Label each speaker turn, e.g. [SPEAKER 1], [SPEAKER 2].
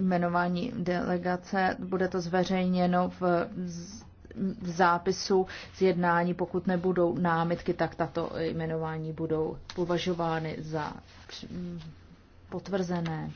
[SPEAKER 1] jmenování delegace. Bude to zveřejněno v, v zápisu z jednání. Pokud nebudou námitky, tak tato jmenování budou považovány za potvrzené.